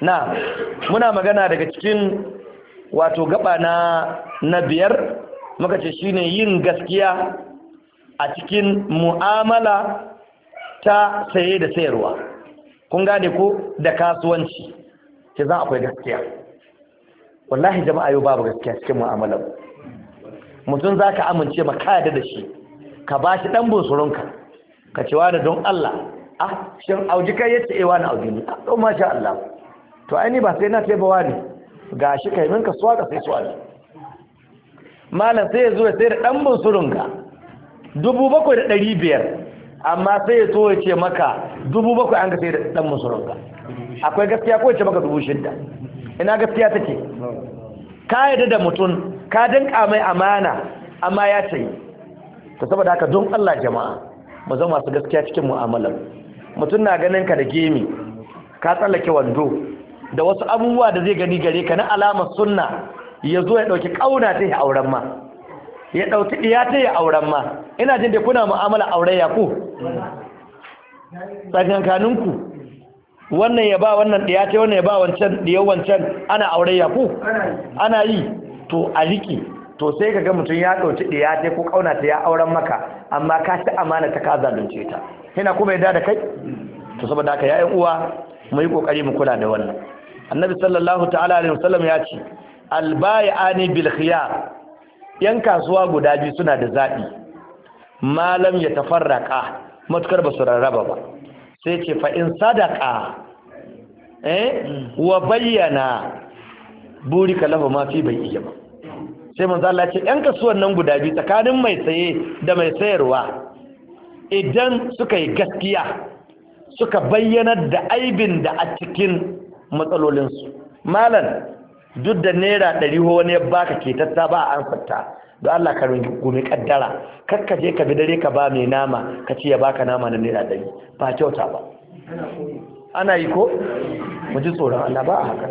na muna magana daga cikin wato gaba na na biyar muka ce shine yin gaskiya a cikin mu'amala ta saye da sayarwa kun gane ko da kasuwanci ce za akwai gaskiya wallahi jama'a yau babu gaskiya cikin mu'amala mutum za ka amince ma da shi ka ba shi ɗan bunsurunka ka cewa da don Allah ah shin auji kai ce ewa eh, na auji ne ah, masha Allah to aini ba sai na ce ba wani ga shi kai minka suwa ka sai suwa malam sai ya zo ya sai da ɗan bunsurun ga dubu bakwai da ɗari biyar amma sai ya so ya ce maka dubu bakwai an ga sai da ɗan bunsurun ga akwai gaskiya ko ya ce maka dubu shidda ina gaskiya take ka yadda da mutum ka danka mai amana amma ya ce ta saboda haka don Allah jama'a mu zama su gaskiya cikin mu'amalar mutum na ganin ka da gemi ka tsallake wando da wasu abubuwa da zai gani gare ka na alamar sunna ya zo ya ɗauki ƙauna ta yi auren ma ya ɗauki ɗiya ta yi auren ma ina jin da kuna mu'amala auren ya ku tsakankaninku wannan ya ba wannan ɗiya ta wannan ya ba wancan ɗiyar wancan ana auren ya ku ana yi to a riƙe to sai ka ga mutum ya ɗauki ɗiya ta ko ƙauna ta ya auren maka amma ka ci amana ta ka zalunce ta yana kuma yadda da kai to saboda haka ya'yan uwa mu yi ƙoƙari mu kula da wannan annabi sallallahu ta'ala alaihi wasallam ya ce albayani bil khiyar yan kasuwa guda biyu suna da zabi malam ya tafarraka matukar ba su rarraba ba sai ce fa in sadaka eh wa bayyana burika lahu ma fi bayyiya ba sai manzo Allah ce yan kasuwan nan guda biyu tsakanin mai saye da mai sayarwa idan suka yi gaskiya suka bayyanar da aibin da a cikin matsalolinsu malam duk da naira ɗari ko wani ya baka ke tatta ba an fatta don Allah ka rungumi kaddara kar ka je ka bi dare ka ba mai nama ka ce ya baka nama na naira ɗari ba kyauta ba ana yi ko mu ji tsoron Allah ba a haka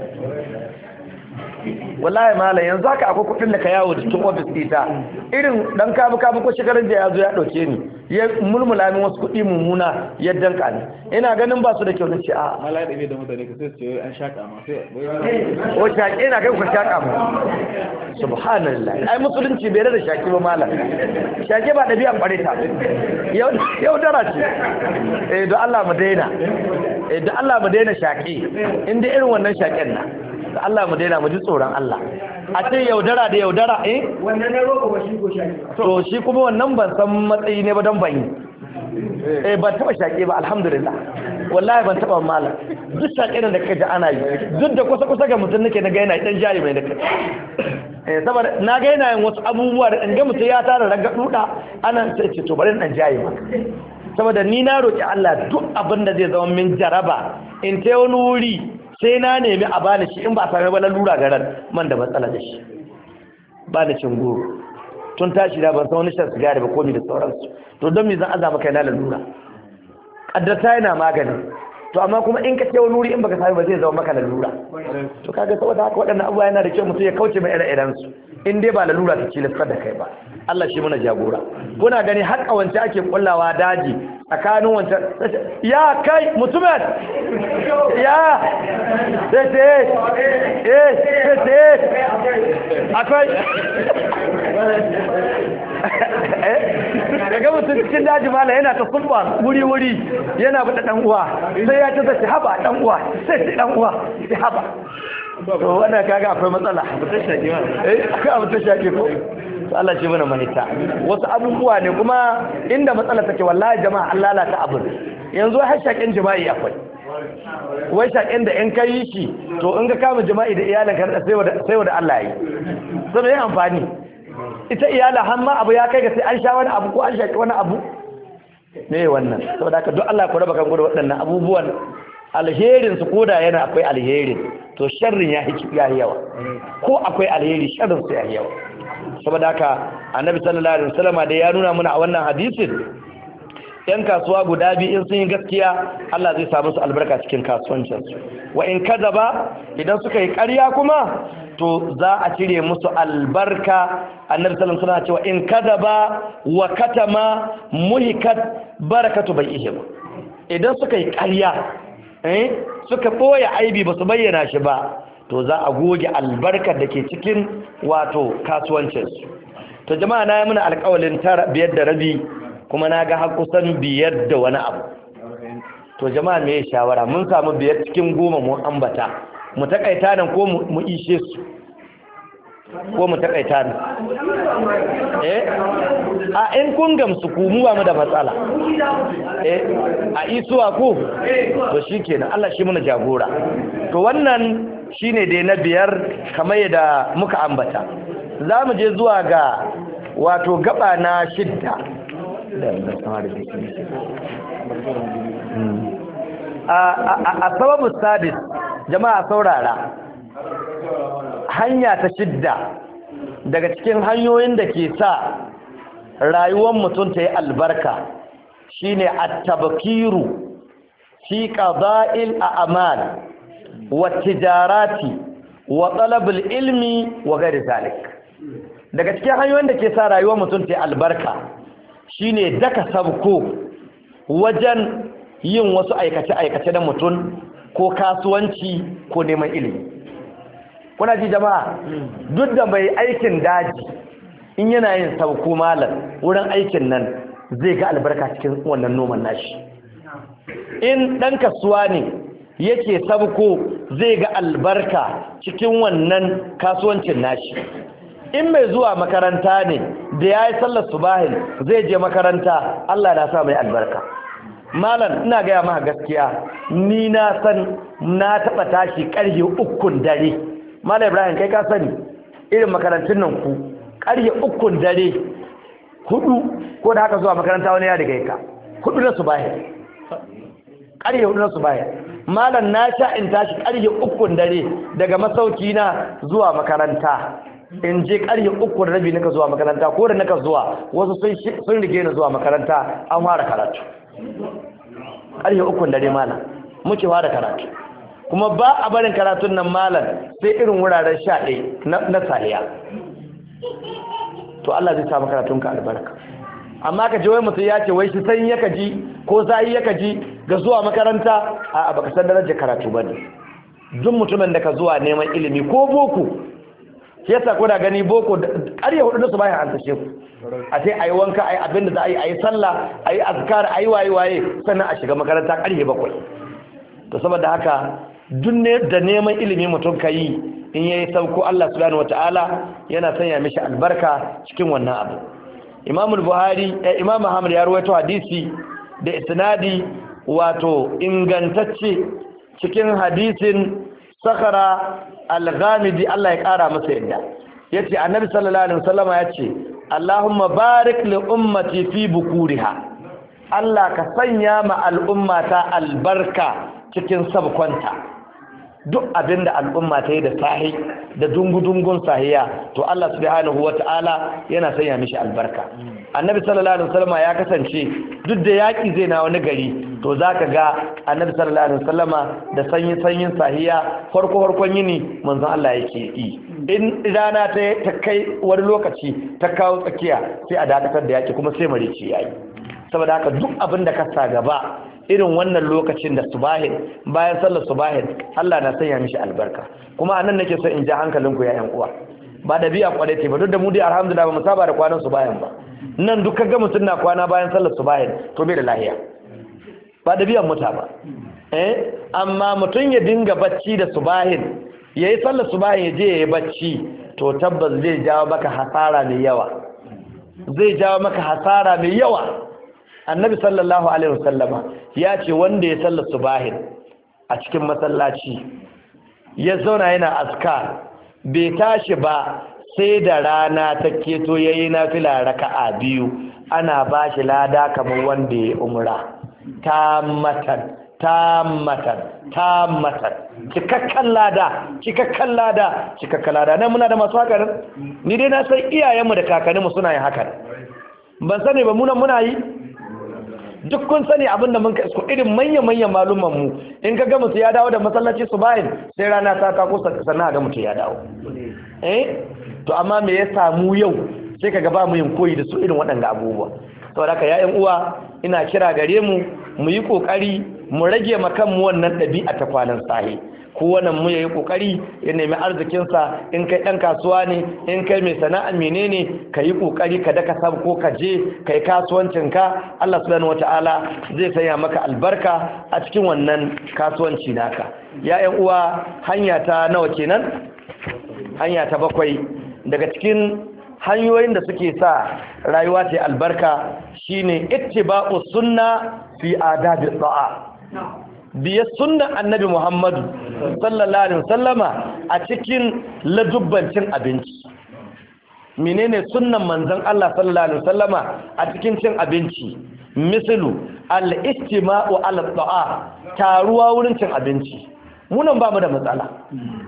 wallahi malam yanzu haka akwai kudin da ka yawo cikin ofis ɗita irin dan kabu kabu ko shekarun da ya zo ya ɗauke ni ya mulmula min wasu kuɗi mummuna ya danka ni ina ganin ba su da kyau na ce a malam da da mutane ka sai su ce an shaka ma sai o shaƙe ina kai ku shaƙa ma. subhanallah ai musulunci bai da shaƙi ba malam shaƙe ba ɗabi'an ƙware ta yau dara ce eh don Allah mu daina eh don Allah mu daina shaƙe inda irin wannan shaƙen na da Allah mu daina mu ji tsoron Allah a ce yaudara da yaudara eh wanda ne roko ba shi ko shaki to shi kuma wannan ban san matsayi ne ba dan bani yi eh ban taba shaƙe ba alhamdulillah wallahi ban taba mallam duk shaƙe da kaje ana yi duk da kusa kusa ga mutun nake na ga yana dan jari mai da kai eh saboda na ga yana yin wasu abubuwa da in ga mutun ya tara raga duda ana sai ce to bari dan jari ma saboda ni na roki Allah duk abin da zai zama min jaraba in ta wani wuri sai na nemi a bani shi in ba a sami ba lura garan man da matsala da shi ba da cin goro tun tashi da ban san wani shan sigari ba komi da sauransu to don me zan azama kai na lalura kaddata yana magani to amma kuma in ka ce wani wuri in baka sami ba zai zama maka lalura to kaga saboda haka waɗannan abubuwa yana da kyau mutum ya kauce mai ire-iren su in dai ba lalura ta ci da kai ba Allah shi muna jagora kuna gani har kawance ake kullawa daji tsakanin wancan ya kai mutumin ya sai sai eh, eh, eh akwai daga eh? mutum cikin daji mala yana ta kumba wuri-wuri yana bude ɗan'uwa uwa sai ya ce zai haba ɗan'uwa, uwa sai ce ɗan uwa sai haba to wannan kaga akwai matsala a mutum eh, shaƙi ko Allah shi mana manita wasu abubuwa ne kuma inda matsala take wallahi jama'a an lalata abin yanzu har shaƙin jima'i akwai wai shaƙin da in ka yi shi to in ka kama jima'i da iyalinka sai wa da Allah yi saboda yi amfani ita iyala hamma abu ya kai ga sai an sha wani abu ko an shaƙi wani abu ne wannan saboda haka duk Allah ku raba kan gudu waɗannan abubuwan alherin su koda yana akwai alherin to sharrin ya ya yawa ko akwai alheri sharrin su ya yawa saboda haka annabi sallallahu alaihi wasallam da ya nuna mana a wannan hadisin yan kasuwa guda biyu in sun yi gaskiya Allah zai samu su albarka cikin kasuwancinsu wa in ba, idan suka yi ƙarya kuma to za a cire musu albarka annabi sallallahu alaihi cewa in ba wa katama muhikat barakatu ba. idan suka yi ƙarya eh, suka boye aibi ba su bayyana shi ba to za a goge albarka da ke cikin wato kasuwancinsu to jama'a na yi muna alƙawalin tara biyar da rabi kuma na ga har kusan biyar da wani abu to jama'a me shawara mun samu biyar cikin goma mu ambata mu takaita nan ko mu ishe su ko mu takaita nan eh a in kun gamsu ku mu ba mu da matsala eh a isuwa ku to shikenan Allah shi muna jagora to wannan shine dai na biyar kamar yadda muka ambata za mu je zuwa ga wato gaba na shidda a sababu sadis jama'a saurara hanya ta shidda daga cikin hanyoyin da ke sa rayuwar mutum ta yi albarka shine at-tabkiru fi a a'mal wa tijarati wa tsalabul ilmi wa gari zalik daga cikin hanyoyin da ke sa rayuwar mutum ta yi albarka Shi ne daka sabko wajen yin wasu aikace-aikace na mutum ko kasuwanci ko neman ilimi kuna ji jama'a duk da mai aikin daji in yana yin sabko malam wurin aikin nan zai ga albarka cikin wannan noman nashi in ɗan kasuwa ne yake sabko zai ga albarka cikin wannan kasuwancin nashi in mai zuwa makaranta ne da ya yi sallar subahin zai je makaranta Allah na sa mai albarka malam ina gaya maha gaskiya ni na san na taɓa tashi ƙarfe ukun dare malam ibrahim kai ka sani irin makarantun nan ku ƙarfe ukun dare hudu ko da haka zuwa makaranta wani ya daga yi ka hudu na subahin ƙarfe hudu na subahin malam na sha in tashi ƙarfe ukun dare daga masauki na zuwa makaranta in je ƙarfe uku da rabi naka zuwa makaranta ko da naka zuwa wasu sun rige ni zuwa makaranta an fara karatu ƙarfe uku da dare malam muke fara karatu kuma ba a barin karatun nan malam sai irin wuraren sha ɗaya na sahiya to Allah zai samu karatunka albarka amma ka ji wai mutum ya ce wai shi sanyi yaka ji ko sayi yaka ji ga zuwa makaranta a baka san darajar karatu bane duk mutumin da ka zuwa neman ilimi ko boko shi yasa da gani boko ƙarya hudu nasu bayan an tashe ku a sai ayi wanka ayi abin da za a yi ayi sallah ayi azkar ayi waye waye sannan a shiga makaranta ƙarya bakwai to saboda haka duk ne da neman ilimi mutum ka yi in yayi sauko Allah subhanahu wataala yana sanya mishi albarka cikin wannan abu Imam Buhari eh, Imam Ahmad ya rawaito hadisi da isnadi wato ingantacce cikin hadisin sakara al-ghamidi Allah ya kara masa yadda yace annabi sallallahu alaihi wasallama yace Allahumma barik li ummati fi bukuriha Allah ka sanya ma al'ummata albarka cikin sabkwanta duk abin da al'umma ta yi da sahi da dungu-dungun sahiya to Allah subhanahu wa ta'ala yana sanya mishi albarka annabi sallallahu alaihi wasallama ya kasance duk da yaki zai na wani gari to zaka ga annabi sallallahu alaihi wasallama da sanyin sanyin sahiya farko farkon yini manzon Allah yake yi in rana ta kai wani lokaci ta kawo tsakiya sai a dakatar da yaki kuma sai marici yayi saboda haka duk abin da ka sa gaba irin wannan lokacin da subahin bayan sallar subahin Allah na sanya mishi albarka kuma anan nake so in ja hankalinku ya yan uwa ba da biya kwalai ce ba duk da mu dai alhamdulillah ba mu saba da kwanan subahin ba nan duk kaga mutun na kwana bayan sallar subahin to bai da lahiya ba da biya muta ba eh amma mutun ya dinga bacci da subahin yayi sallar subahin ya je yayi bacci to tabbas zai jawo maka hasara mai yawa zai jawo maka hasara mai yawa annabi sallallahu alaihi wasallama ya ce wanda ya sallar subahin a cikin masallaci ya zauna yana aska. bai tashi ba sai da rana ta keto yayi nafila raka'a biyu ana ba shi lada kamar wanda ya umra tammatan tammatan tammatan cikakken lada cikakken lada cikakken lada nan muna da masu hakan. ni dai na san iyayenmu da kakanninmu suna yin hakan. ban sani ba muna muna yi duk kun sani abin da mun ka isko irin manya manya malumman mu in ka ga mutum ya dawo da masallaci su bayan sai rana ta tako sannan ga mutum ya dawo eh to amma me ya samu yau sai ka gaba mu yin koyi da su irin waɗanda abubuwa ka ya yan uwa ina kira gare mu mu yi kokari mu rage ma kanmu wannan ɗabi'a ta kwanan sahi kowane mu ya yi ƙoƙari ya nemi arzikinsa in kai ɗan kasuwa ne in kai mai sana'a menene ka yi kokari ka daka sam ko ka je ka yi kasuwancinka Allah subhanahu wataala zai sanya maka albarka a cikin wannan kasuwanci naka ya uwa hanya ta nawa kenan hanya ta bakwai daga cikin hanyoyin da suke sa rayuwa ta albarka shine ittiba'u sunna fi adabi biya sunan annabi muhammadu sallallahu alaihi wasallama a cikin ladubbancin abinci menene sunnan manzon Allah sallallahu alaihi wasallama a cikin cin abinci misalu al-istima'u al-ta'a taruwa wurin cin abinci munan ba mu da matsala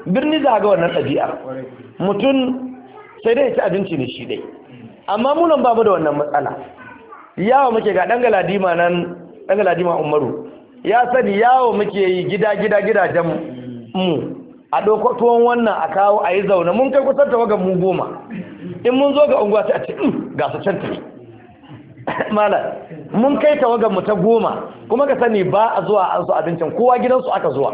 birni za ga wannan tabi'a mutum sai dai ya ci abinci ne shi dai amma munan ba mu da wannan matsala yawa muke ga dan galadima nan dan galadima umaru ya sani yawo muke yi gida gida gidajen mu a ɗauko wannan a kawo a yi zaune mun kai kusa tawagar mu goma in mun zo ga unguwa ta ce mm, ga su can mala mun kai tawagar mu ta goma kuma ka sani ba a zuwa an su abincin kowa gidansu aka zuwa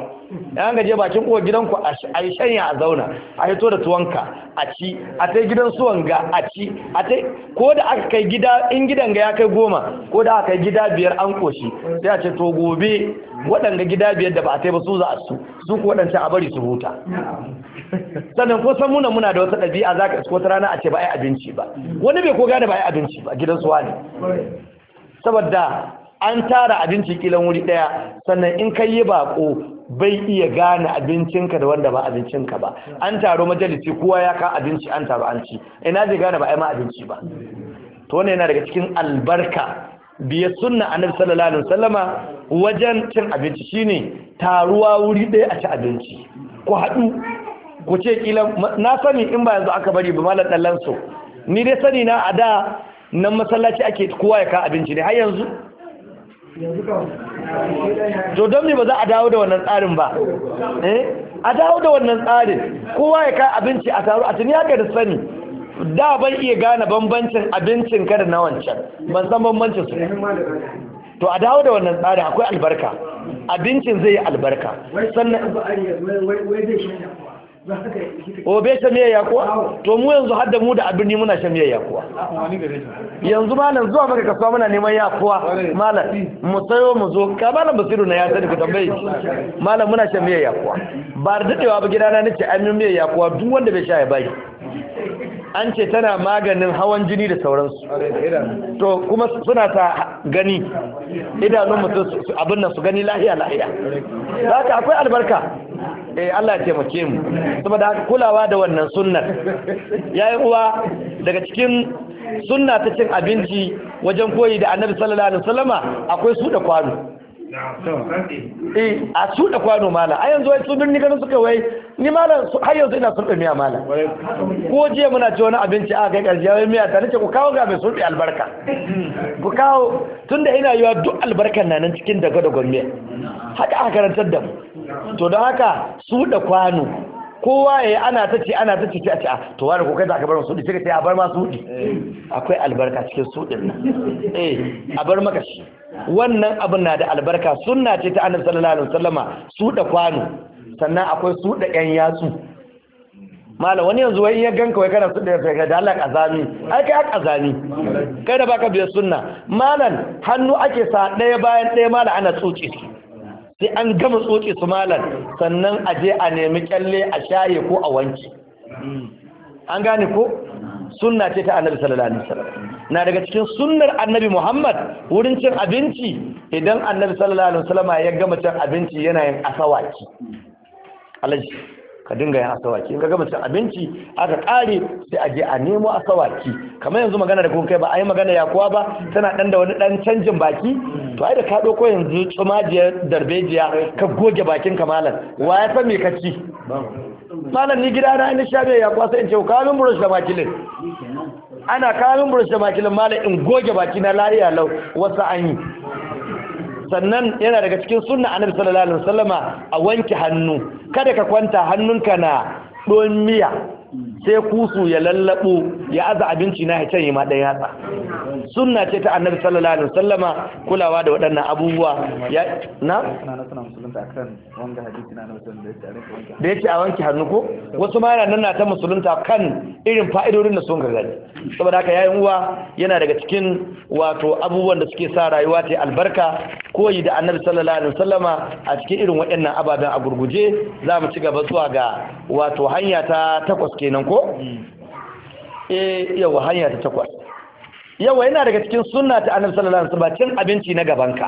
yan gaje bakin kowa gidanku a yi shanya a zauna a yi to da tuwanka a ci a ta gidan suwan ga a ci a ta ko da aka kai gida in gidan ga ya kai goma ko da aka kai gida biyar an koshi sai a ce to gobe waɗanda gida biyar da ba a taiba su za su su ku waɗancan a bari su huta sannan ko san muna muna da wata ɗabi'a za ka isko rana a ce ba a yi abinci ba wani bai ko gane ba a yi abinci ba gidan su wani. saboda an tara abinci kilan wuri daya sannan in ka yi bako bai iya gane abincinka da wanda ba abincinka ba an taro majalisi kowa ya ka abinci an taro an ci ina zai gane ba a ma abinci ba to wani yana daga cikin albarka biya sunna annabi sallallahu alaihi wasallama wajen cin abinci shine taruwa wuri daya a ci abinci ku haɗu ku ce kila na sani in ba yanzu aka bari ba malam dallansu ni dai sani na a da nan masallaci ake kowa ya ka abinci ne har yanzu to don me ba za a dawo da wannan tsarin ba eh a dawo da wannan tsarin kowa ya ka abinci a taro a tuni haka da sani da ban iya gane bambancin abincin ka da na wancan ban san bambancin su to a dawo da wannan tsarin akwai albarka abincin zai yi albarka sannan o bai shan miyar yakuwa to mu yanzu har da mu da abin muna shan miyar kuwa yanzu malam zuwa maka kasuwa na neman yakuwa malam mu sayo mu zo ka malam basiru na ya sani ku tambaye malam muna shan miyar kuwa ba da dadewa ba gidana nace an yi miyar kuwa duk wanda bai sha ya bai an ce tana maganin hawan jini da sauransu to kuma suna ta gani idanun mutum abin nan su gani lahiya lahiya za ka akwai albarka eh Allah ya taimake mu saboda kulawa da wannan sunnar yayi uwa daga cikin sunna ta cin abinci wajen koyi da Annabi sallallahu alaihi wasallama akwai su da kwano Eh, a suɗa kwano mala a yanzu wai tsubin ni ganin suka wai ni mala har yanzu ina sulɓe miya mala ko jiya muna ci wani abinci a kai ƙarshe wai miya ta nake ku kawo ga mai sulɓe albarka ku kawo tun da ina yiwa duk albarkan na nan cikin daga dagon miya haka a karantar da mu to don haka suɗa kwano kowa ya yi ana ta ce ana ta ce a ce a to wani ko kai za ka bar masu sai ka ce a bar masu suɗi? akwai albarka cikin sudin nan eh a bar makashi wannan abin na da albarka sunna ce ta annabi sallallahu alaihi wasallama da kwano sannan akwai suda yan yatsu mala wani yanzu wai ya ganka wai kana sunna sai ka da Allah kazami ai kai kazami kai da baka biyar sunna malan hannu ake sa daya bayan daya mala ana tsoce sai an gama tsoke su malam sannan a je a nemi kyalle a shaye ko a wanki an gane ko sunna ce ta annabi sallallahu alaihi na daga cikin sunnar annabi Muhammad wurin cin abinci idan annabi sallallahu alaihi wasallam ya gama cin abinci yana yin asawaki alaji ka dinga yin asawaki in ka gama cin abinci aka kare sai a je a nemo asawaki kamar yanzu magana da kun kai ba a yi magana ya kuwa ba tana dan da wani dan canjin baki to ai da ka dauko yanzu tsumajiyar darbejiya ka goge bakin ka malam wa ya san me ka ci malam ni gida na ni sha ya kuwa sai in ce ka min burush da makilin ana ka min burush da makilin malam in goge baki na lariya lau wasu an yi sannan yana daga cikin sunna annabi sallallahu alaihi a wanke hannu kada ka kwanta hannunka na don miya sai kusu ya lallabo ya aza abinci na hacen yi ma ɗan yatsa suna ce ta annabi sallallahu alaihi wasallama kulawa da waɗannan abubuwa ya na da yake a wanke hannu ko wasu ma nan na ta musulunta kan irin fa'idodin da sun gani saboda haka yayin uwa yana daga cikin wato abubuwan da suke sa rayuwa ta albarka koyi da annabi sallallahu alaihi wasallama a cikin irin waɗannan ababen a gurguje za mu ci gaba zuwa ga wato hanya ta takwas kenan ko eh yawa hanya ta takwas yawa yana daga cikin sunna ta annabi sallallahu alaihi wasallam cin abinci na gaban ka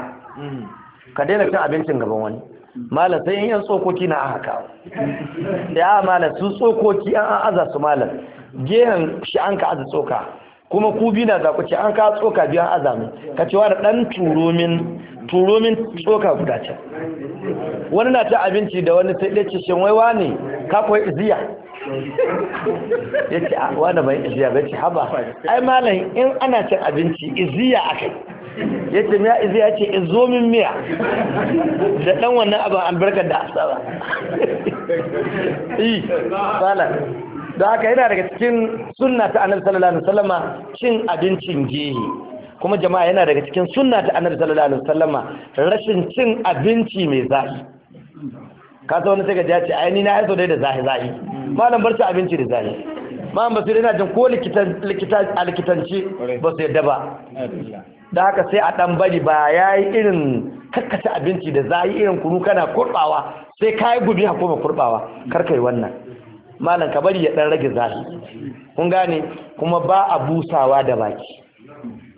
ka daina cin abincin gaban wani malam sai yan tsokoki na aka kawo da malam su tsokoki an aza su malam gehen shi an ka aza tsoka kuma ku bi na za ku ce an ka tsoka biyan azami ka cewa da dan turomin turomin tsoka guda ce wani na ta abinci da wani sai dace ce shin wai wane ka koyi iziya ya ce a ah, wani bayan iziya bai ce haba ai malam in ana cin abinci iziya a kai ya ce miya iziya ce min miya da ɗan wannan abin albarkar da asaba yi malam da haka yana daga cikin sunna ta annabi sallallahu alaihi wasallama cin abincin jihi, kuma jama'a yana daga cikin sunna ta annabi sallallahu alaihi wasallama rashin cin abinci mai zafi ka sa wani sai ga ce ai ni na aiso dai da zahi zahi malam barci abinci da zahi malam basu yana jin ko likitanci ba su yadda ba da haka sai a dan bari ba ya yi irin kakkace abinci da zahi irin kunu kana kurbawa sai ka yi gumi hakoma kurbawa karka yi wannan malam ka bari ya dan rage zahi kun gane kuma ba a busawa da baki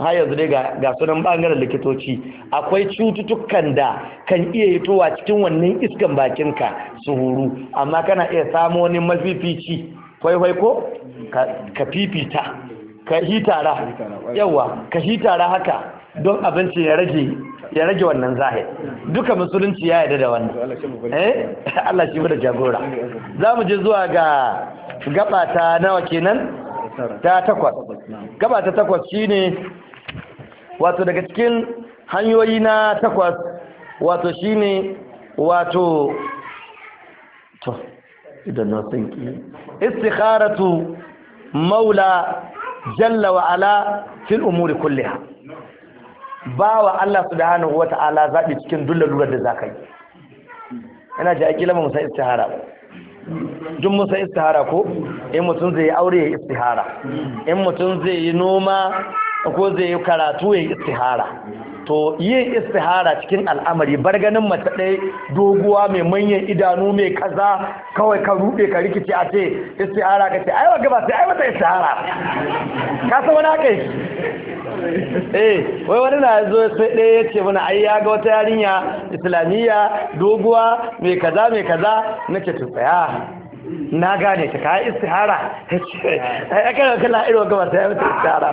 har yanzu dai ga sunan bangaren likitoci akwai cututtukan da kan iya hitowa cikin wannan iskan bakinka su huru amma kana iya samo wani mafifici kwaikwai ko ka fifita ka hitara yawa ka hitara haka don abinci ya rage ya rage wannan zahir duka musulunci ya yarda da wannan eh Allah shi da jagora za je zuwa ga gaba ta nawa kenan ta takwas gaba ta takwas shine wato daga cikin hanyoyi na takwas wato shi ne wato to idan na sanki ki istikharatu maula jalla wa ala fil umuri kulliha ba wa Allah subhanahu wa ta'ala zaɓi cikin lura da zaka yi ina ji akila mu sai istihara duk musa istihara ko in mutum zai yi aure ya istihara in mutum zai yi noma ko zai yi karatu ya yi istihara to yin istihara cikin al'amari bar ganin mace ɗaya doguwa mai manyan idanu mai kaza kawai ka rufe ka rikice a ce istihara ka ce aiwa gaba sai aiwata istihara ka san wani haka eh wai wani na zo sai ɗaya ya ce mana ai ya ga wata yarinya islamiyya doguwa mai kaza mai kaza na ke tsaya na gane ta kayi istihara ai kana kana irin gabar ta yi istihara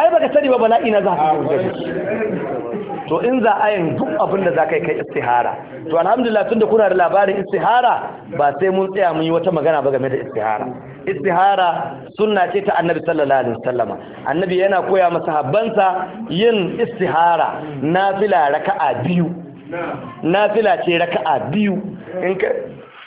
ai baka sani ba bala'i na za ka to in za a yin duk abin da za ka yi kai istihara to alhamdulillah tun da kuna da labarin istihara ba sai mun tsaya mun yi wata magana ba game da istihara istihara sunna ce ta annabi sallallahu alaihi wasallama annabi yana koya masa habbansa yin istihara nafila raka'a biyu nafila ce raka'a biyu in ka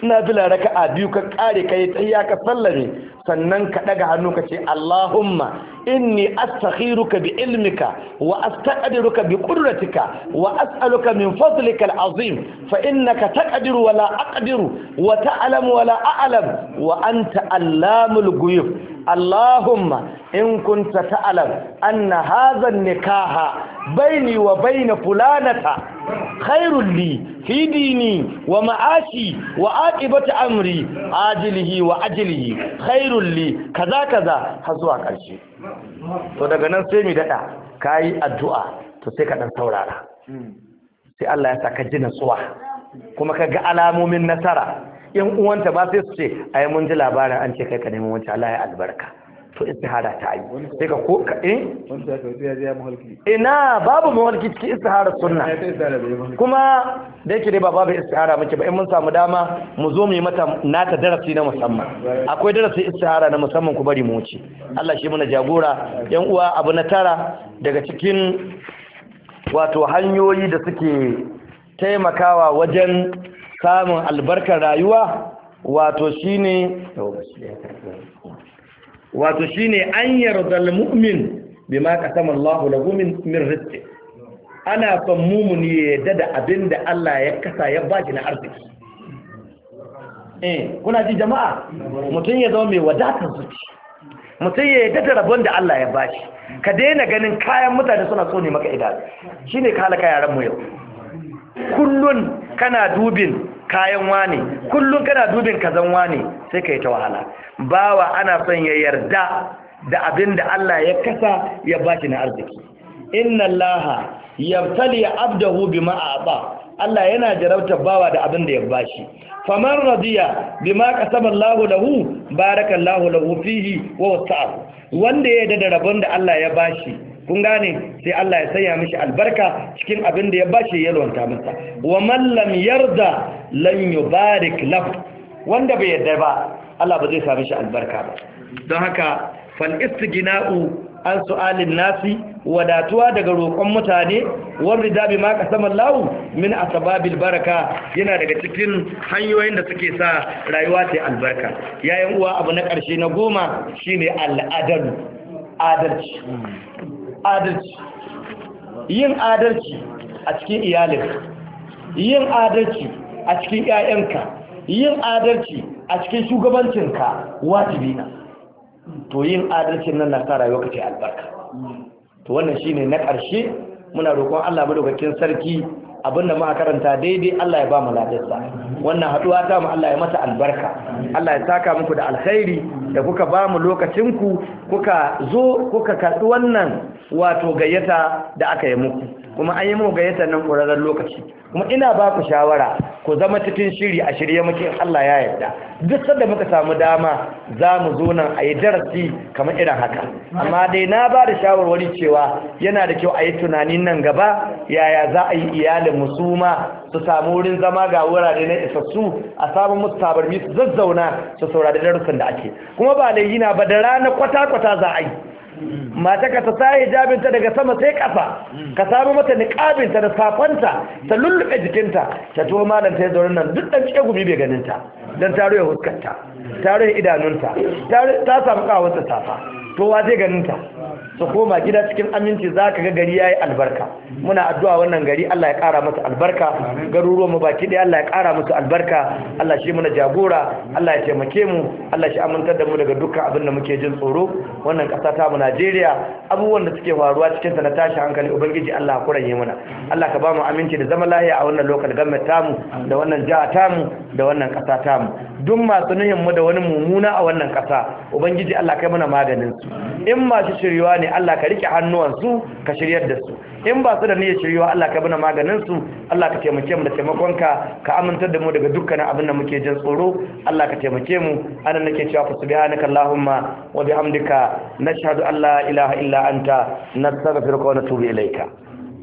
nafila raka'a biyu ka kare kai tsayiya ka sallame sannan ka ɗaga hannu ka ce Allahumma inni astakhiruka bi ilmika wa astaqdiruka bi qudratika wa as'aluka min fadlika al'azim fa innaka taqdiru wa la aqdiru wa ta'lamu wa la a'lam wa anta allamul ghuyub Allahumma in kunta ta'lam anna hadha an-nikaha bayni wa bayna fulanata khairul li fi dini wa ma'ashi wa aqibati amri ajilihi wa ajilihi khairu rajulun li kaza kaza har zuwa ƙarshe to daga nan sai mu dada kayi addu'a to sai ka dan saurara sai Allah ya sa ka ji natsuwa kuma ka ga alamomin nasara yan uwanta ba sai su ce ai mun ji labarin an ce kai ka neman wancan Allah ya albarka to istihara ta yi sai ka ko ka eh? ina babu mawarki cikin istihara sunna kuma da yake dai ba babu istihara muke ba in mun samu dama mu zo mu yi mata nata darasi na musamman akwai darasi istihara na musamman ku bari mu wuce Allah shi muna jagora yan uwa abu na tara daga cikin wato hanyoyi da suke taimakawa wajen samun albarkar rayuwa wato shine wato ne an yarda almu'min bima qasama Allahu lahu min rizqi ana son mumuni ya yarda da abinda Allah ya kasa ya baki na arziki eh kuna ji jama'a mutum ya zama mai wadatar zuci mutum ya yarda da rabon da Allah ya bashi ka daina ganin kayan mutane suna so ne maka idan shine ka halaka yaran mu yau kullun kana dubin kayan wane kullum kana dubin kazan wane sai ka yi ta wahala bawa ana son ya yarda da abin da Allah ya kasa ya bashi na arziki inna allaha yabtali abdahu bima aba Allah yana jarabtar bawa da abin da ya bashi faman radiya bima kasaba Allahu lahu barakallahu lahu fihi wa wanda ya yarda da rabon da Allah ya bashi kun gane sai Allah ya sanya mishi albarka cikin abin da ya bashi yalwanta masa wa man lam yarda lan yubarik laf wanda bai yarda ba Allah ba zai sa mishi albarka ba don haka fal istighna'u an su'alin nasi wadatuwa daga roƙon mutane wanda da bi ma kasama lahu min asbabil baraka yana daga cikin hanyoyin da suke sa rayuwa ta albarka yayin uwa abu na ƙarshe na goma shine al'adalu adalci adalci yin adalci a cikin iyalinka yin adalci a cikin 'ya'yanka yin adalci a cikin shugabancinka wajibi na to yin adalci nan na sa rayuwa albarka to wannan shine na ƙarshe muna roƙon Allah madaukakin sarki abinda muka karanta daidai Allah ya ba mu ladarsa wannan haduwa ta mu Allah ya mata albarka Allah ya saka muku da alkhairi da kuka ba mu lokacinku kuka zo kuka karɓi wannan wato gayyata da aka yi muku kuma an yi mu gayyatar nan lokaci kuma ina ba ku shawara ku zama cikin shiri a shirye muke Allah ya yarda duk sanda muka samu dama za mu zo nan a yi darasi kamar irin haka amma dai na ba da shawarwari cewa yana da kyau a yi tunanin nan gaba yaya za a yi iyalin musuma su samu wurin zama ga wurare na isassu a samu musu tabarmi su zazzauna su saurari darussan da ake kuma ba da yi na ba da rana kwata-kwata za a yi mata ka ta sa hijabinta daga sama sai kafa ka samu mata niqabinta da safanta ta lullube jikinta ta to malam ta zaune nan duk ɗan cike gumi bai ganin ta dan taro ya huskarta taro ya idanunta ta samu kawarta tafa. kowa zai ganinta su koma gida cikin aminci za ka ga gari ya yi albarka muna addu'a wannan gari Allah ya ƙara masa albarka garuruwan mu baki ɗaya Allah ya ƙara musu albarka Allah shi muna jagora Allah ya taimake mu Allah shi amintar da mu daga dukkan abin da muke jin tsoro wannan ƙasa ta mu Najeriya abubuwan da suke faruwa cikin ta na tashi hankali ubangiji Allah ya kuranye mana Allah ka ba mu aminci da zama lahiya a wannan lokal government tamu da wannan jiha tamu da wannan ƙasa tamu duk masu nuhin mu da wani mummuna a wannan ƙasa ubangiji Allah kai mana maganin su in masu shiryuwa ne Allah ka rike hannuwansu ka shiryar da su in ba su da niyyar shiryuwa, Allah ka bana maganin su Allah ka taimake mu da taimakon ka ka amintar da mu daga dukkan abin da muke jin tsoro Allah ka taimake mu anan nake cewa fa subhanaka allahumma wa bihamdika nashhadu an la ilaha illa anta nastaghfiruka wa natubu ilayka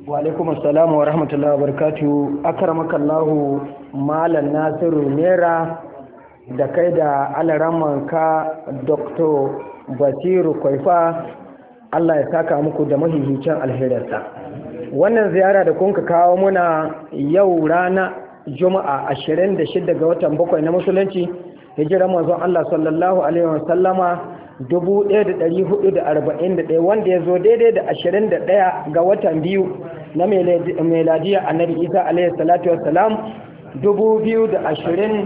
wa alaikum assalam wa rahmatullahi wa barakatuh allah malam nasiru nera da kai da alaramanka dr basiru kwaifa Allah ya saka muku da mahihicin alherarsa. wannan ziyara da kunka kawo muna yau rana juma'a 26 ga watan bakwai na musulunci hijirar manzon Allah sallallahu alaihi sallama 1441 wanda ya zo daidai da 21 ga watan biyu na meladiya annabi Isa alaihi salatu salam 2020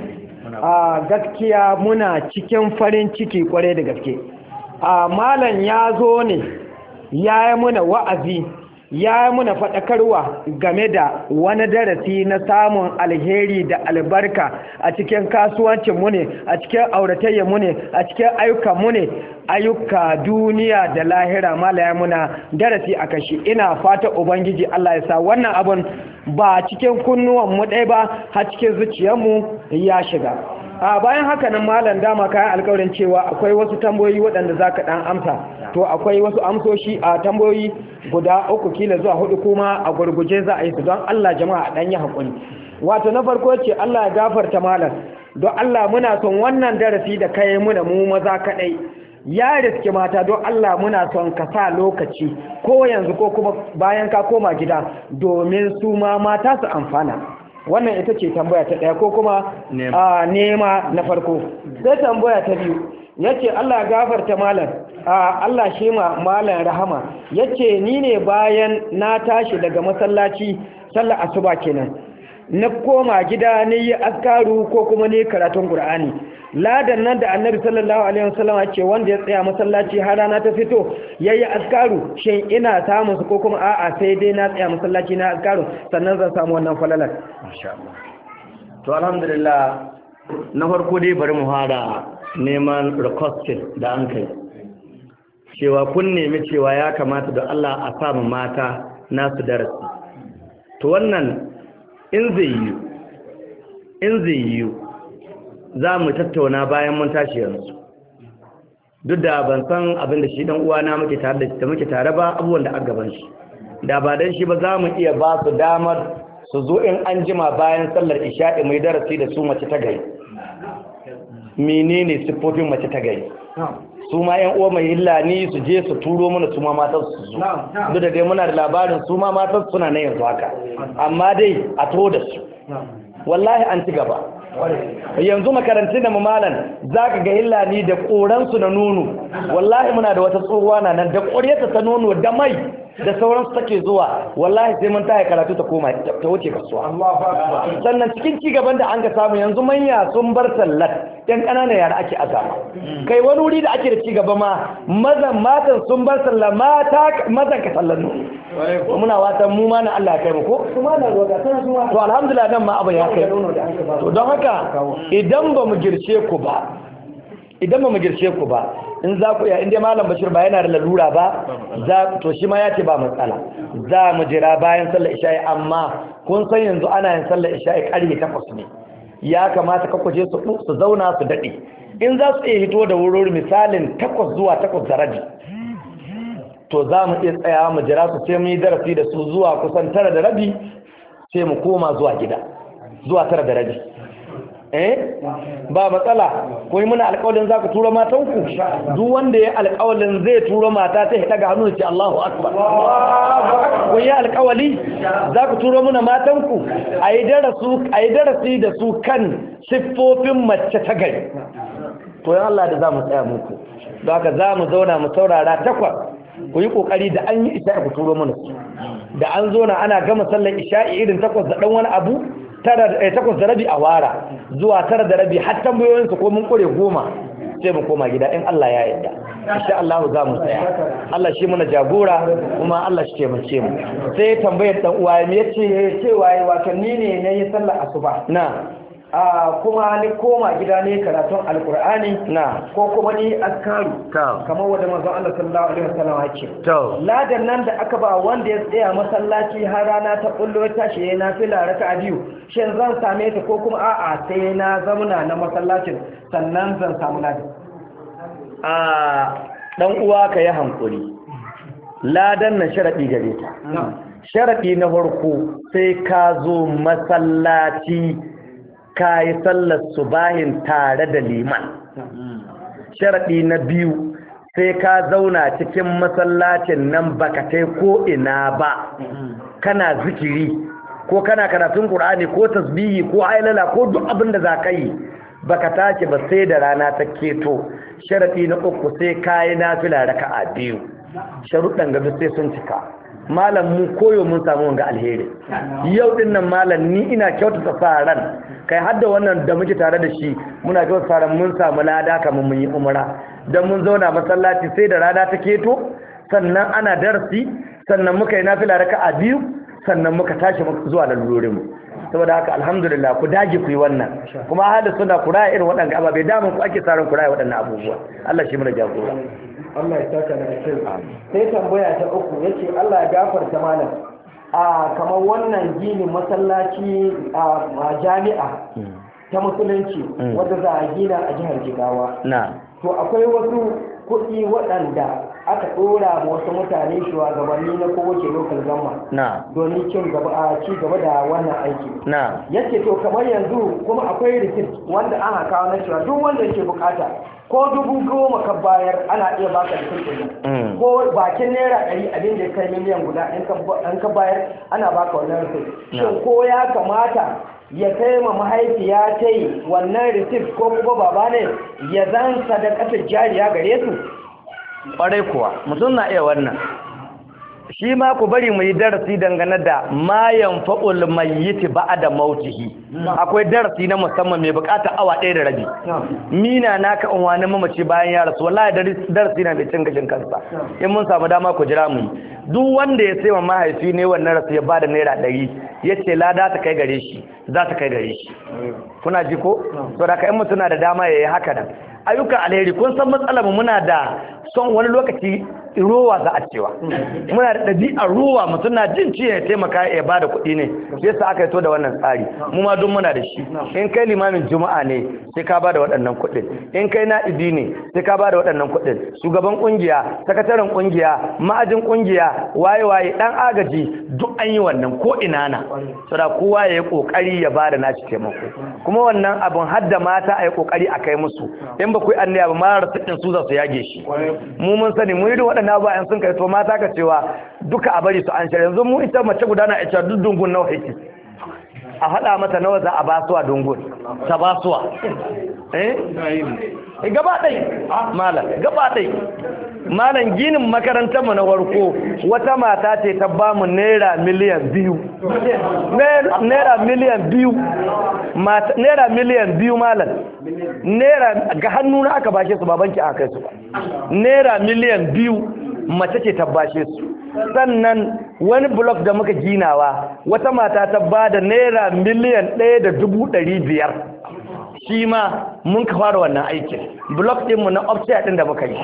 a gaskiya muna cikin farin ciki kwarai da gaske a malan ya zo ne ya yi muna wa'azi ya yi muna faɗakarwa game da wani darasi na samun alheri da albarka a cikin kasuwancinmu ne a cikin mu ne a cikin ayyukanmu ne ayyuka duniya da lahira malaya muna darasi a kashi ina fata ubangiji Allah ya sa wannan abun ba cikin kunnuwan mu ɗaya ba har cikin zuciyarmu ya shiga a bayan haka nan malam dama kayan alkawarin cewa akwai wasu tambayoyi waɗanda za ka ɗan amsa to akwai wasu amsoshi a tambayoyi guda uku kila zuwa hudu kuma a gurguje za a yi su don allah jama'a ɗan yi haƙuri wato na farko ce allah ya gafarta malam don allah muna son wannan darasi da kai muna mu maza kaɗai ya riske mata don Allah muna son ka sa lokaci ko yanzu ko kuma bayan ka koma gida domin su ma mata su amfana wannan ita ce tambaya ta ɗaya ko kuma nema na farko sai tambaya ta biyu Ya ce, Allah gafarta malam Allah shi ma malam rahama Ya ce ni ne bayan na tashi daga masallaci sallar asuba kenan na koma gida ne yi askaru ko kuma ne karatun kur'ani ladan nan da annabi sallallahu alaihi wasallam ce wanda ya tsaya masallaci har rana ta fito yayi askaru shin ina samun su ko kuma a'a sai dai na tsaya masallaci na askaru sannan zan samu wannan falalar insha Allah to alhamdulillah na farko dai bari mu fara neman requesting da an kai cewa kun nemi cewa ya kamata da Allah a samu mata nasu darasi to wannan in zai yi in zai yi za mu tattauna bayan mun tashi yanzu duk da ban san abin da shi dan uwana muke tare da muke tare ba abubuwan da gaban shi da ba dan shi ba za mu iya ba su damar su zo in an jima bayan sallar isha'i mai darasi da su mace ta gari menene siffofin mace ta gari su ma yan uwa mai illa ni su je su turo mana su ma matan su zo duk da dai muna da labarin su ma matan suna na yanzu haka amma dai a to da su wallahi an ci gaba yanzu makarantun da mumalan za ka ga hillani da ƙoransu na nono wallahi muna da wata tsohuwa na nan da ƙoriyarsa ta nono da mai da sauransu take zuwa wallahi sai mun taya karatu ta koma ta wuce kasuwa sannan cikin ci gaban da an ga samu yanzu manya sun bar sallar yan ƙananan yara ake azama mm. kai wani wuri da ake da ci ma mazan matan sun bar sallar mata mazan ka sallar nono muna watan mu ma na Allah kai mu ko to alhamdulillah nan ma abin ya kai to don haka idan ba mu girce ku ba idan ba mu girce ku ba in za ku iya inda malam bashir ba yana da lalura ba za to shi ma ya ce ba matsala za mu jira bayan sallar isha'i amma kun san yanzu ana yin sallar isha'i karye takwas ne ya kamata kakwace su su zauna su daɗe in za su iya hito da wurori misalin takwas zuwa takwas da to za mu iya tsaya mu jira su ce mu yi darasi da su zuwa kusan tara da rabi sai mu koma zuwa gida zuwa tara da rabi eh ba matsala ko yi muna alƙawalin za ku tura matanku duk wanda ya alƙawalin zai tura mata sai ga hannun ce Allahu akbar ko yi alƙawali za ku tura muna matanku a yi darasi da su kan siffofin mace ta gari to yi Allah da za mu tsaya muku don haka za mu zauna mu saurara takwas ku yi kokari da an yi isha'i ku turo mana da an zo na ana gama sallar isha'i irin takwas da dan wani abu eh, takwas da rabi a wara zuwa tara da rabi har tambayoyinsu ko mun kure goma sai mu koma gida in Allah ya yarda insha Allah za mu tsaya Allah shi mana jagora kuma Allah shi taimake mu sai tambayar dan uwa me yace cewa wato ni ne nayi sallar asuba na kuma ni koma gida ne karatun alkur'ani na ko kuma ni askaru kamar wanda manzon Allah sallallahu alaihi wasallam yake ladan nan da aka ba wanda ya tsaya masallaci har rana ta kullo ta shi na fila raka'a biyu shin zan same ta ko kuma a'a sai na zamuna na masallacin sannan zan samu ladan a dan uwa ka yi hankuri ladan na sharadi gare ta sharadi na farko sai ka zo masallaci ka yi sallar subahin tare da liman sharaɗi na biyu sai ka zauna cikin masallacin nan baka kai ko ina ba kana zikiri ko kana karatun ƙur'ani ko tasbihi ko ailala ko duk abin da za ka yi baka tashi ba sai da rana ta keto sharaɗi na uku sai kayi nafila raka'a biyu sharuɗan gaba sai sun cika malam mu koyo mun samu wanga alheri yau din nan malam ni ina kyautata faran kai har wannan da muke tare da shi muna kyauta faran mun samu lada kamar mun yi umra dan mun zauna masallaci sai da rana ta keto sannan ana darasi sannan muka yi nafila raka'a biyu sannan muka tashi zuwa lalurorin mu saboda haka alhamdulillah ku dage ku yi wannan kuma hada suna ku raya irin amma bai damun ku ake tsaron ku raya waɗannan abubuwa Allah shi muna jagora Allah ya saka da kai sai tambaya ta uku yace Allah ya gafarta malam a kamar wannan gini masallaci a jami'a ta musulunci hmm. wanda za a gina a jihar Jigawa na to akwai wasu kuɗi waɗanda aka dora ma wasu mutane shugabanni na kowace lokacin zama. domin cin gaba a ci gaba da wannan aiki yace to kamar yanzu kuma akwai rikin wanda ana kawo na cewa duk wanda yake bukata ko dubu goma ka bayar ana iya baka rikin kuɗi mm. ko bakin naira ɗari abin da kai miliyan guda in ka bayar ana baka wannan rikin shin ko ya kamata ya kai ma mahaifiya ta yi wannan rikin ko kuma baba ne ya zan sadakatar jariya gare su ƙwarai kuwa mutum na iya wannan shi ma ku bari mu yi darasi dangane da mayan fa'ul ta ba da mautihi akwai darasi na musamman mai bukatar awa ɗaya da rabi mina na ka unwa na mamaci bayan ya rasu wallahi darasi na mai cin gashin kansa in mun samu dama ku jira mu duk wanda ya sai wa mahaifi ne wannan rasu ya bada naira ɗari ya ce la za ta kai gare shi za ta kai gare shi kuna ji ko to da ka in mutum na da dama ya yi haka nan ayyuka alheri kun san matsalar muna da son wani lokaci rowa za a cewa hmm. muna da ɗabi'ar rowa mutum na jin ciye ya taimaka ya ba da kuɗi ne sai sa aka yi to da wannan tsari mu ma duk muna da shi in kai limamin juma'a ne sai ka ba da waɗannan kuɗin in kai na'ibi ne sai ka ba da waɗannan kuɗin shugaban ƙungiya sakataren ƙungiya ma'ajin ƙungiya waye waye ɗan agaji duk an yi wannan ko ina na saboda kowa ya yi ƙoƙari ya ba da nashi taimako kuma wannan abin hadda mata a yi ƙoƙari a kai musu in ba ku yi annaya ba mara su su za su yage shi mu mun sani mun yi waɗanda ba yan sun kai to mata ka cewa duka a bari su an shirya yanzu mu ita mace guda na ita duk dungun nawa yake a haɗa mata nawa za a basuwa dungun ta basuwa eh Eh, gaba ɗai malam gaba ɗai malam ginin makarantar mu na warko wata mata ce ta ba mu naira miliyan biyu naira miliyan biyu naira miliyan biyu malam naira ga hannu na aka bashe su babanki aka kai su naira miliyan biyu mace ce ta bashe su sannan wani blok da muka ginawa wata mata ta ba da naira miliyan ɗaya da dubu ɗari biyar shi ma mun ka fara wannan aikin blog mu na offshore ɗin da muka yi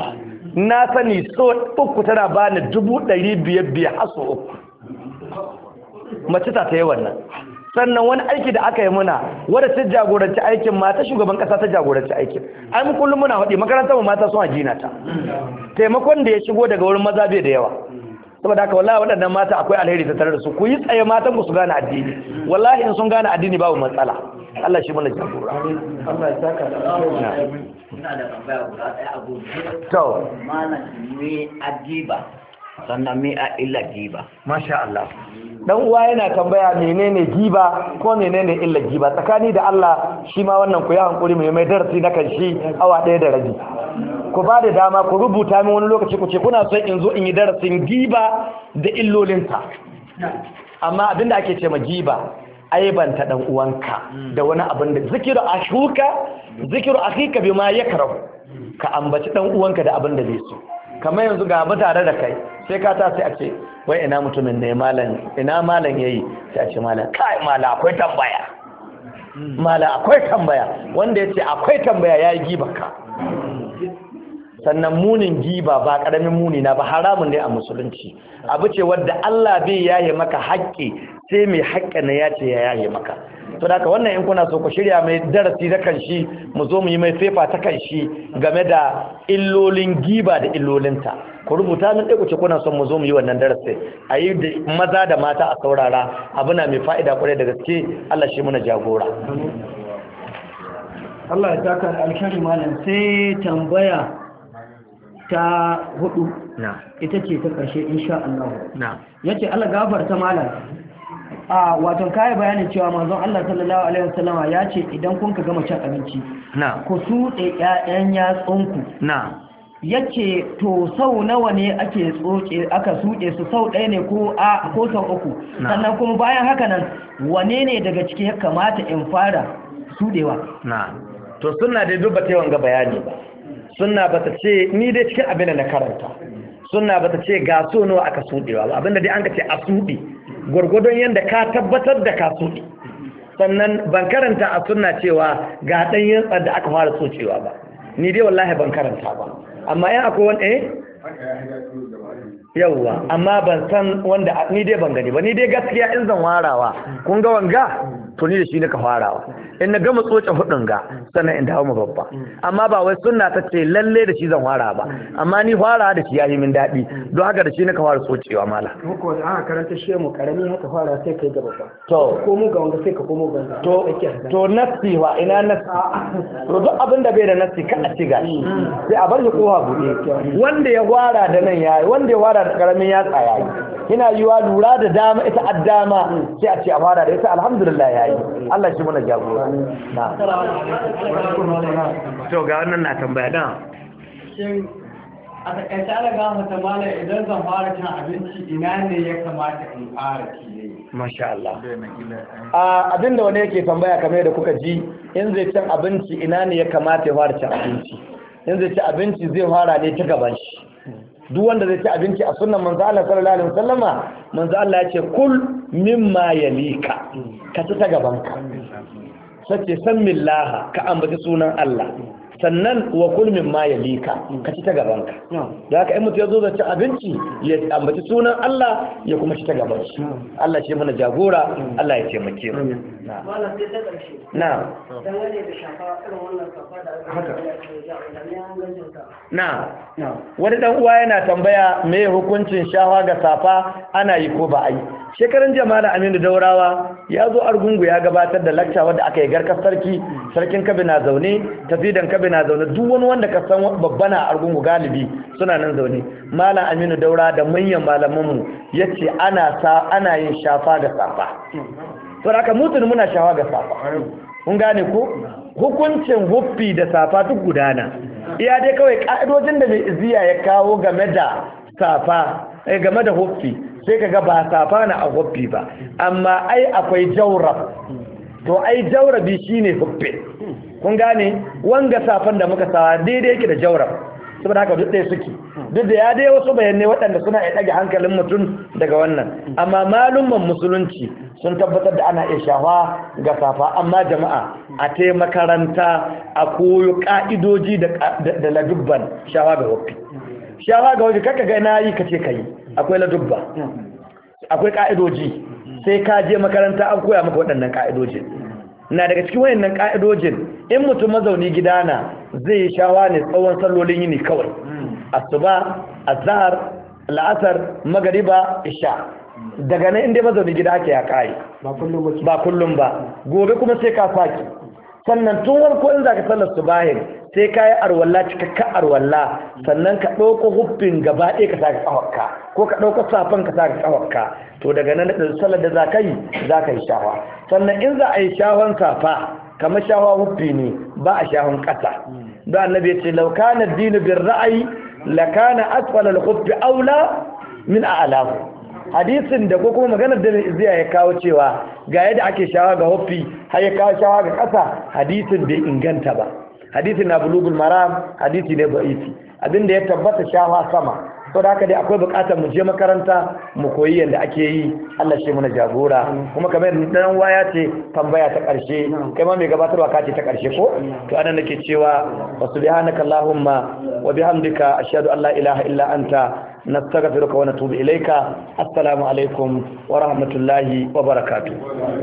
na sani so uku tana ba ni dubu ɗari biyar biyar haso uku mace ta ta yi wannan sannan wani aiki da aka yi muna wadda ta jagoranci aikin mata shugaban kasa ta jagoranci aikin ai mu kullum muna haɗi makarantar mu mata sun hajina ta taimakon da ya shigo daga wurin maza bai da yawa saboda haka wallahi waɗannan mata akwai alheri ta tare da su ku yi tsaye matan ku su gane addini wallahi in sun gane addini babu matsala Allah shi mana jagora Allah ya saka da ina da tambaya guda ɗaya a gobe to mana me giba sannan me a illa giba masha Allah dan uwa yana tambaya menene giba ko menene illa giba tsakani da Allah shi ma wannan ku ya hankuri mai mai darasi na kan shi awa ɗaya da rabi ku ba da dama ku rubuta min wani lokaci ku ce kuna son in zo in yi darasin giba da illolinta amma abinda ake ce ma giba aibanta ɗan uwanka da wani abin da zikiru shuka zikiru ma ya yakrahu ka ambaci ɗan uwanka da abin da bai so kamar yanzu ga abu tare da kai sai ka ta sai a ce wai ina mutumin ne malam ina malam yayi sai a ce malam kai malam akwai tambaya hmm. malam akwai tambaya wanda ya ce akwai tambaya ya yi gibaka. sannan munin giba ba ƙaramin muni na ba haramun ne a musulunci abu ce wadda Allah bai yaye maka haƙƙi sai mai haƙƙi na ya ce ya yaye maka to da wannan in kuna so ku shirya mai darasi da kanshi shi mu zo mu yi mai fefa ta kanshi shi game da illolin giba da illolinta ku rubuta min ɗaya ku ce kuna son mu zo mu yi wannan darasi a yi maza da mata a saurara abu na mai fa'ida kwarai da gaske Allah shi muna jagora Allah ya saka alkhairi malam sai tambaya ta hudu ita ce ta ƙarshe insha Allah ya ce Allah gafarta malam a watan kayan bayanin cewa mazan Allah sallallahu alaihi wasallama ya ce idan kun ka gama cin abinci ku tsuɗe ƴaƴan yatsunku ya ce to sau nawa ne ake tsoke aka suɗe su sau ɗaya ne ko a ko sau uku sannan kuma bayan haka nan wane ne daga ciki ya kamata in fara suɗewa to suna da dubba ta ga bayani ba suna ba ta ce ni dai cikin abin da na karanta suna ba ta ce ga so nawa aka suɗewa ba abinda dai an ka ce a suɗi, gwargwadon yadda ka tabbatar da ka suɗi, sannan ban karanta a suna cewa ga ɗan yin da aka fara cewa ba ni dai wallahi ban karanta ba amma yan akwai wani eh yawwa amma ban san wanda ni dai ban gani ba ni dai gaskiya in zan warawa kun ga wanga to ni da shi nika farawa in na gama tsoce hudun ga sannan in dawo mu babba amma ba wai sunna ta ce lalle da shi zan fara ba amma ni fara da shi yayi min dadi don haka da shi nika fara tsocewa mala ko da aka karanta shi mu karami haka fara sai kai gaba ba to ko mu ga wanda sai ka komo ga to to nafsi wa ina nafsi to duk abin da bai da nafsi ka a ci gashi mm. sai a bar shi kowa bude wanda ya fara da nan yayi wanda ya fara da karamin ya tsaya yana yiwa lura da dama ita addama mm. sai a ce a fara da ita alhamdulillah ya yayi Allah shi mana jagora na to ga wannan na tambaya da shin a takaice ana ga mata mala idan zan fara cin abinci ina ne ya kamata in fara ci masha Allah a abinda wani yake tambaya kamar da kuka ji in zai cin abinci ina ne ya kamata ya fara cin abinci in zai ci abinci zai fara ne ta gaban shi duk wanda zai ci abinci a sunan manzo Allah sallallahu alaihi wasallama manzo Allah ya ce kul mimma yalika ka ci ta gaban ka sace san millaha ka ambaci sunan Allah sannan wa kulmin ma ya lika ka ci ta gabanka da haka in mutum ya zo da ci abinci ya ambaci sunan Allah ya kuma ci ta gaban shi Allah ce mana jagora Allah ya taimake mu na na na wani dan uwa yana tambaya me hukuncin shawa ga safa ana yi ko ba a yi shekaran jama'a Aminu Daurawa ya zo argungu ya gabatar da lakta wadda aka yi garkar sarki sarkin kabi na zaune tafi dan Kabe. annabi na zaune duk wani wanda ka san babba na argungu galibi suna nan zaune malam aminu daura da manyan malamanmu ya ce ana yin shafa da safa to haka mutum muna shafa ga safa kun gane ko hukuncin huffi da safa duk gudana iya dai kawai ka'idojin da mai iziya ya kawo game da safa eh, game da huffi sai ka kaga ba safa na a huffi ba amma ai akwai jaurab to ai jaurabi shine huffi kun gane wanga safan da muka sawa daidai yake da jawrab saboda haka duk ɗaya suke duk da ya dai wasu bayanai waɗanda suna iya ɗage hankalin mutum daga wannan amma malumman musulunci sun tabbatar da ana iya shafa ga safa amma jama'a a ta makaranta a koyo ƙa'idoji da ladubban shafa ga wafi shafa ga wafi kaka ga na yi ka akwai ladubba akwai ƙa'idoji sai ka je makaranta an koya maka waɗannan ƙa'idoji na daga cikin wayannan ka'idojin in mutum mazauni gida na zai shawa ne tsawon sallolin yini kawai asuba azhar la'asar magariba isha daga nan inda mazauni gida ake ya kai ba kullum ba gobe kuma sai ka saki sannan tun warko in za ka sallar su bayan sai ka yi arwalla ka arwalla sannan ka ɗauko huffin gaba ɗaya ka saka ƙawarka ko ka ɗauko safan ka saka ƙawarka to daga nan da sallar da za ka yi za ka yi shawa sannan in za a yi shawon safa kamar shawa huffi ne ba a shawon ƙasa don annabi ya ce laukana dinu bin ra'ayi lakana asfala al aula min a'lahu hadisin da ko kuma maganar da zai ya kawo cewa ga yadda ake shawa ga hoffi har ya kawo shawa ga ƙasa hadisin bai inganta ba hadisin na bulugul maram hadisi ne ba'iti abinda ya tabbata shawa sama sau da dai akwai bukatar mu je makaranta mu koyi yadda ake yi Allah shi muna jagora kuma kamar dan waya ce tambaya ta karshe kai ma mai gabatarwa ka ce ta karshe ko to anan nake cewa wa subhanaka allahumma wa bihamdika ashhadu an la ilaha illa anta nastaghfiruka wa natubu ilayka assalamu alaikum wa rahmatullahi wa barakatuh